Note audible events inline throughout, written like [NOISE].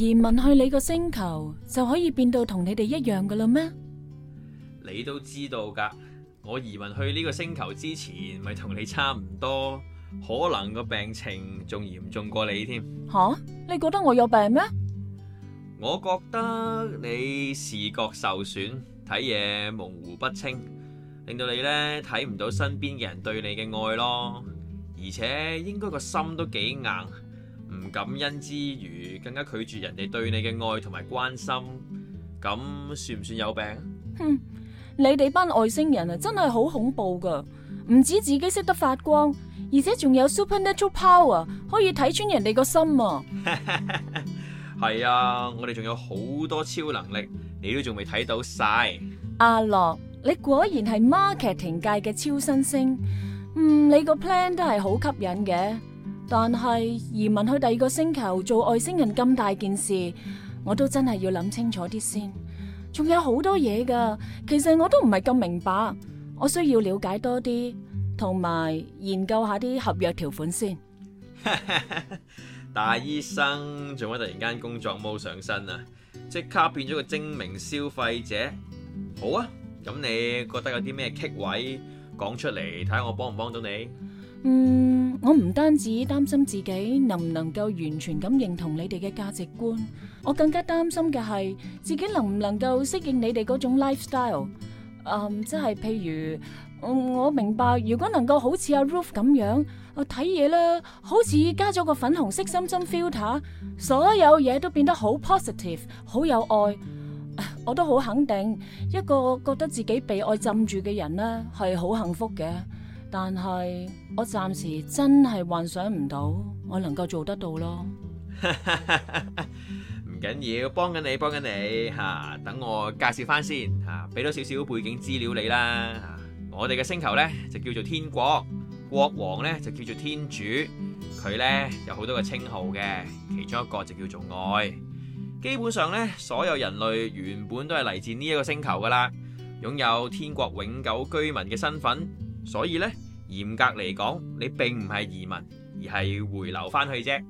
移民去你個星球，就可以變到同你哋一樣㗎啦咩？你都知道噶，我移民去呢個星球之前咪同你差唔多，可能個病情仲嚴重過你添。吓，你覺得我有病咩？我覺得你視覺受損，睇嘢模糊不清，令到你咧睇唔到身邊嘅人對你嘅愛咯，而且應該個心都幾硬。唔感恩之餘，更加拒絕人哋對你嘅愛同埋關心，咁算唔算有病？哼，你哋班外星人啊，真係好恐怖噶！唔止自己識得發光，而且仲有 super natural power 可以睇穿人哋個心啊！係 [LAUGHS] 啊，我哋仲有好多超能力，你都仲未睇到晒。阿、啊、樂，你果然係 marketing 界嘅超新星，嗯，你個 plan 都係好吸引嘅。但係移民去第二個星球做外星人咁大件事，我都真係要諗清楚啲先。仲有好多嘢噶，其實我都唔係咁明白，我需要了解多啲，同埋研究下啲合約條款先。 [LAUGHS] 大醫生，做乜突然間工作 mode 上身啊？即刻變咗個精明消費者。好啊，咁你覺得有啲咩棘位，講出嚟睇下我幫唔幫到你？嗯，我唔單止擔心自己能唔能夠完全咁認同你哋嘅價值觀，我更加擔心嘅係自己能唔能夠適應你哋嗰種 lifestyle。誒，即係譬如，我明白如果能夠好似阿 Ruth 咁樣，睇嘢啦，好似加咗個粉紅色心心 filter，所有嘢都變得好 positive，好有愛。我都好肯定，一個覺得自己被愛浸住嘅人呢，係好幸福嘅。但係我暫時真係幻想唔到，我能夠做得到咯 [LAUGHS] 。唔緊要，幫緊你，幫緊你吓、啊。等我介紹翻先吓，俾多少少背景資料你啦、啊。我哋嘅星球呢，就叫做天國，國王呢，就叫做天主，佢呢，有好多個稱號嘅，其中一個就叫做愛。基本上呢，所有人類原本都係嚟自呢一個星球噶啦，擁有天國永久居民嘅身份。所以咧，嚴格嚟講，你並唔係移民，而係回流翻去啫。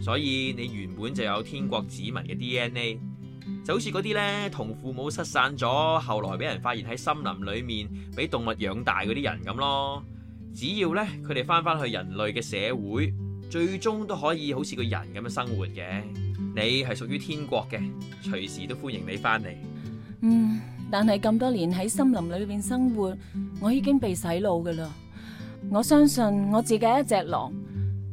所以你原本就有天國子民嘅 DNA，就好似嗰啲咧，同父母失散咗，後來俾人發現喺森林裏面，俾動物養大嗰啲人咁咯。只要咧，佢哋翻翻去人類嘅社會，最終都可以好似個人咁樣生活嘅。你係屬於天國嘅，隨時都歡迎你翻嚟。嗯。但係咁多年喺森林裏面生活，我已經被洗腦噶啦。我相信我自己一隻狼，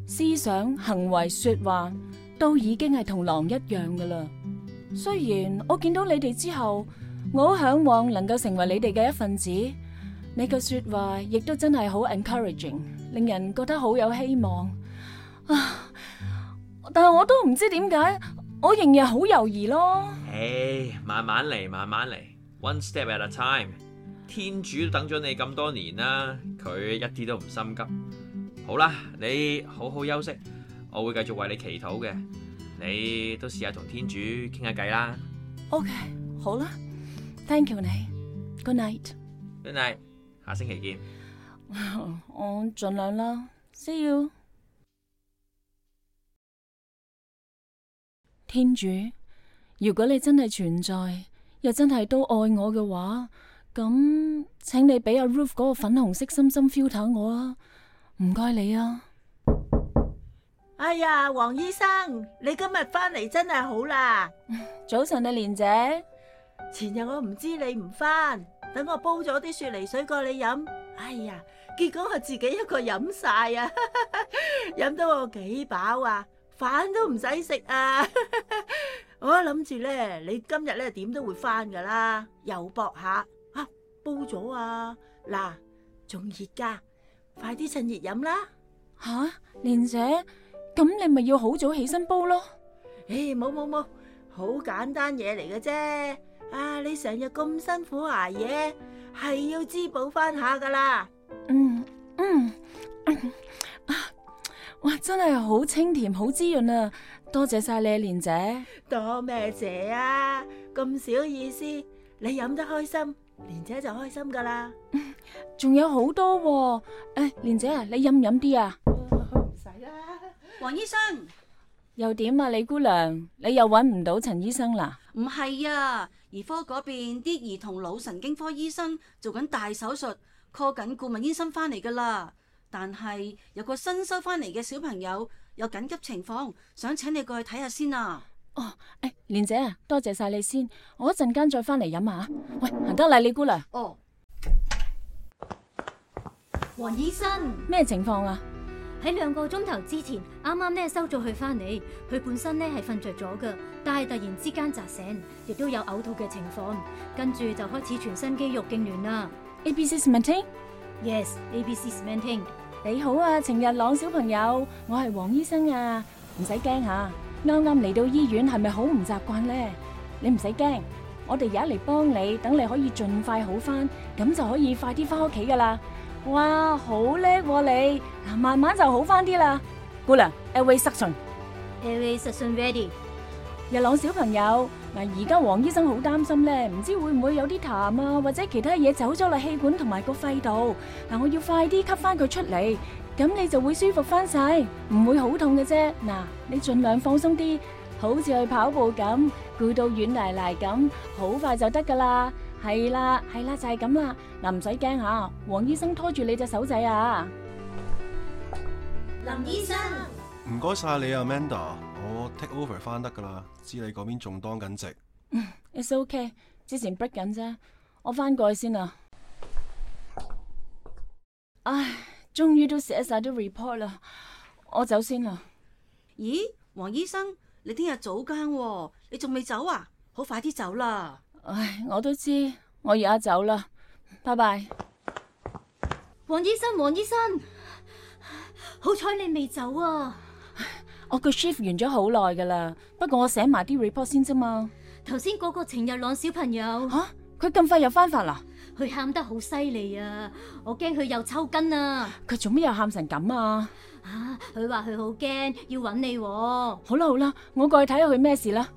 思想、行為、說話都已經係同狼一樣噶啦。雖然我見到你哋之後，我好向往能夠成為你哋嘅一份子。你嘅說話亦都真係好 encouraging，令人覺得好有希望。啊！但係我都唔知點解，我仍然好猶豫咯。誒，慢慢嚟，慢慢嚟。One step at a time。天主等咗你咁多年啦，佢一啲都唔心急。好啦，你好好休息，我會繼續為你祈禱嘅。你都試下同天主傾下偈啦。OK，好啦，Thank you，你 Good night。Good night，下星期見。我盡量啦，See you。天主，如果你真係存在。又真係都愛我嘅話，咁請你俾阿 Ruth 嗰個粉紅色心心 filter 我啊！唔該你啊！哎呀，黃醫生，你今日翻嚟真係好啦！早晨，你蓮姐，前日我唔知你唔翻，等我煲咗啲雪梨水過你飲。哎呀，結果我自己一個飲晒 [LAUGHS] 啊！飲到我幾飽啊，飯都唔使食啊！我諗住咧，你今日咧點都會翻噶啦，又搏下啊，煲咗啊，嗱，仲熱噶，快啲趁熱飲啦吓，蓮姐，咁你咪要好早起身煲咯，誒，冇冇冇，好簡單嘢嚟嘅啫，啊，你成日咁辛苦挨夜，係要滋補翻下噶啦，嗯嗯，啊，哇，真係好清甜，好滋潤啊！多謝晒你，蓮姐。多咩謝啊？咁小意思，你飲得開心，蓮姐就開心噶啦。仲有好多喎，誒，蓮姐啊，你飲唔飲啲啊？唔使啦，黃醫生。又點啊？李姑娘？你又搵唔到陳醫生啦？唔係啊，兒科嗰邊啲兒童腦神經科醫生做緊大手術，call 緊顧問醫生翻嚟噶啦。但係有個新收翻嚟嘅小朋友。有緊急情況，想請你過去睇下先啊！哦，誒、哎，蓮姐啊，多謝晒你先，我一陣間再翻嚟飲下。喂，行得喇，李姑娘。哦，黃醫生，咩情況啊？喺兩個鐘頭之前，啱啱咧收咗佢翻嚟，佢本身咧係瞓着咗噶，但係突然之間扎醒，亦都有嘔吐嘅情況，跟住就開始全身肌肉痙攣啦。ABCs maintained？Yes，ABCs maintained。你好啊，程日朗小朋友，我係黃醫生啊，唔使驚吓，啱啱嚟到醫院係咪好唔習慣咧？你唔使驚，我哋而家嚟幫你，等你可以盡快好翻，咁就可以快啲翻屋企噶啦。哇，好叻你，嗱，慢慢就好翻啲啦，姑娘。Airway Suction，Airway Suctionready，日朗小朋友。嗱，而家黃醫生好擔心咧，唔知會唔會有啲痰啊，或者其他嘢走咗落氣管同埋個肺度。嗱，我要快啲吸翻佢出嚟，咁你就會舒服翻晒，唔會好痛嘅啫。嗱，你盡量放鬆啲，好似去跑步咁，攰到軟賴賴咁，好快就得噶啦。係啦，係啦，就係咁啦。嗱，唔使驚吓，黃醫生拖住你隻手仔啊。林醫生，唔該晒你啊，Manda。我 take over 翻得噶啦，知你嗰邊仲當緊值。嗯，it's okay，之前 break 緊啫，我翻過去先啦。唉，終於都寫晒啲 report 啦，我走先啦。咦，黃醫生，你聽日早更喎，你仲未走啊？好快啲走啦！唉，我都知，我而家走啦，拜拜。黃醫生，黃醫生，好彩你未走啊！我個 shift 完咗好耐噶啦，不過我寫埋啲 report 先啫嘛。頭先嗰個程日朗小朋友，吓佢咁快又翻發啦？佢喊得好犀利啊！我驚佢又抽筋啊！佢做咩又喊成咁啊？啊！佢話佢好驚，要揾你。好啦好啦，我過去睇下佢咩事啦。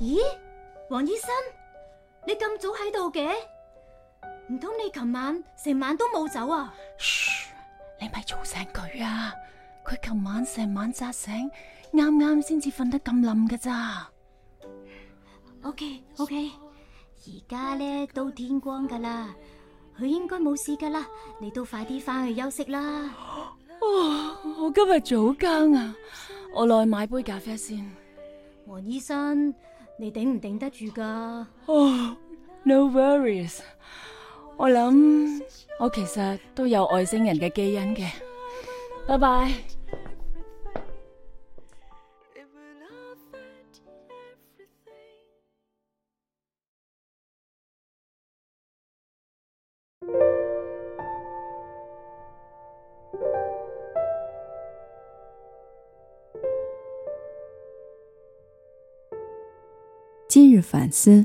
咦，黃醫生，你咁早喺度嘅？唔通你琴晚成晚都冇走啊？噓。你咪嘈醒佢啊！佢琴晚成晚扎醒，啱啱先至瞓得咁冧噶咋。OK OK，而家咧都天光噶啦，佢應該冇事噶啦。你都快啲翻去休息啦。哦，我今日早更啊，我落去買杯咖啡先。黃醫生，你頂唔頂得住噶？哦，No worries. 我諗，我其實都有外星人嘅基因嘅。拜拜。今日反思。